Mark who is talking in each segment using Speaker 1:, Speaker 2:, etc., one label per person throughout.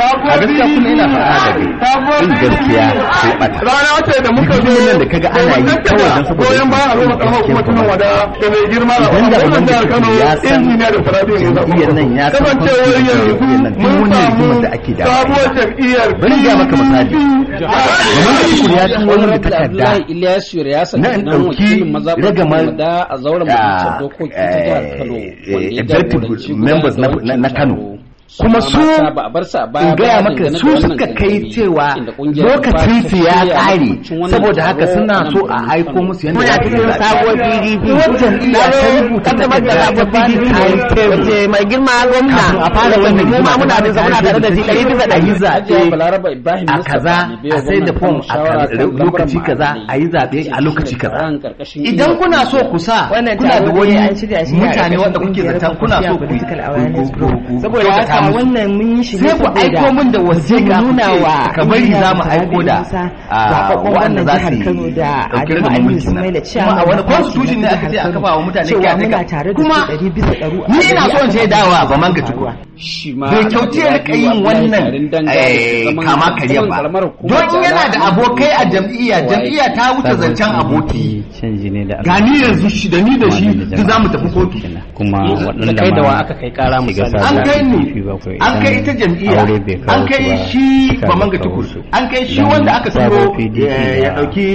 Speaker 1: a gaskiya kuma ina faɗa da in gaskiya ko bata
Speaker 2: rana ce da muka zo nan da kaga ana yi kawai dan saboda goyen baya a lokacin karamar kuma tunan wada da mai girma da wanda wannan jihar Kano injiniya da sarari ne da kuma ya san kasancewar yanzu mun samu da ake da sabuwar jam'iyyar bari ga maka misali Mamman Tukur ya tuwo min da takarda na in ɗauki da a zauren majalisar ah, dokoki ta jihar Kano. Executive eh, eh, members na Kano. kuma su gaya maka su suka kai cewa lokacin su ya kare saboda haka suna so a haiko musu yadda ya cikin sabuwar pdp wajen da ta rubuta ta bada sabuwar pdp wace mai girma gwamna a fara wani girma muna da zauna tare da shi ɗari bisa ɗari zaɓe a kaza a sai da fom a lokaci kaza a yi zaɓe a lokaci kaza idan kuna so ku sa kuna da wani mutane wanda kuke zaton kuna so ku yi saboda mu wannan mun yi shi sai ku aiko min da wasiƙa nuna wa ka bari za mu aiko da wanda za su yi dauke da mulkin nan kuma a wani constitution ne aka ce a kafa wa mutane kyataka kuma ni ina so in ce dawa ba man ga tuku bai kyauce rika yin wannan eh, kama karya ba don yana da abokai a jam'iyya jam'iyya ta wuce zancen aboki gani yanzu shi da ni da shi duk za mu tafi kotu kuma waɗanda ma aka kai kara mu an kai ni an kai ita jam'iyya an kai shi bamanga tukur an kai shi wanda aka suro ya dauki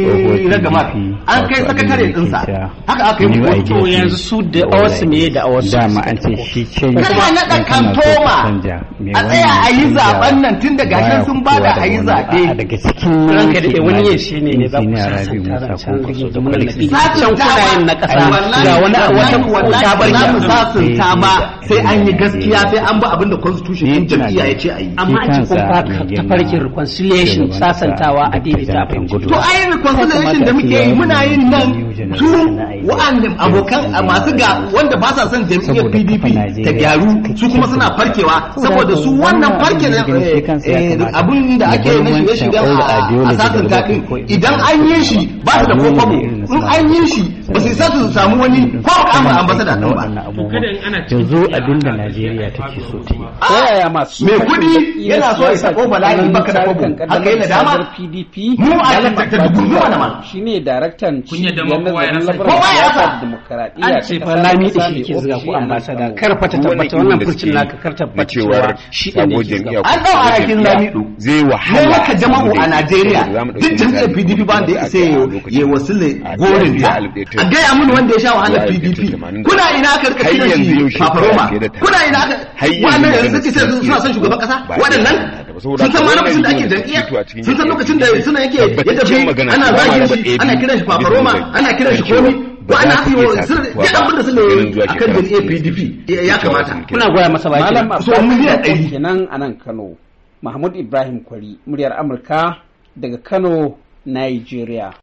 Speaker 2: ragama an kai sakatare dinsa haka aka yi wato yanzu su da awasu me da awasu dama an ce shi ce kuma na dan kantoma a tsaya a yi zaben nan tun daga shi sun ba da a yi zabe daga cikin ranka da wani ya shi ne ne za ku sa canjin da mun lafi can kudayen na kasa ga wani wata ko ta bar ya sasanta ba eh, sai an yi eh, gaskiya eh. sai an ba abin da constitution din jam'iyya ya ce a yi amma an ce kuma farkin reconciliation sasantawa a daidaita fahimci to ai reconciliation da muke yi muna yin nan su wa'anda abokan masu ga wanda ba sa son jam'iyyar PDP ta gyaru su kuma suna farkewa saboda su wannan farke eh, eh, abun da ake na shirye-shiryen a sasanta idan an yi shi ba su da kokobo in an yi shi ba su isa su samu wani ko kama ambasada nan ba. Yanzu abin da Najeriya take so ta yi ko ah! yaya masu mai kudi yana so ya sako bala'i baka da kwabo haka yana dama PDP mu a lantarki da gurguma da ma shine daraktan cibiyar nazarin labarin demokaradiyya ce fa lami da shi ke zuga ku ambasada kar ta tabbata wannan furcin naka kar tabbata cewa shi ne jami'a an dau arakin lami zai wahala maka jama'u a Najeriya duk jami'ar PDP ba da ya sai ya wasile gorin ta a ga ya wanda ya sha wahalar PDP kuna ina karkashin shi kuna ina har da yanzu suke sai suna son shugaban kasa waɗannan sun san ma sun da ake jam'iyya sun san lokacin da suna yake yadda bi ana zagin shi ana kiran shi fafaroma ana kiran shi komi ba ana fi wa sun ya abin da suka yi akan jam'iyyar PDP ya kamata kuna goya masa baki malam so miliyan 100 kenan anan Kano Mahmud Ibrahim Kwari muryar Amurka daga Kano Nigeria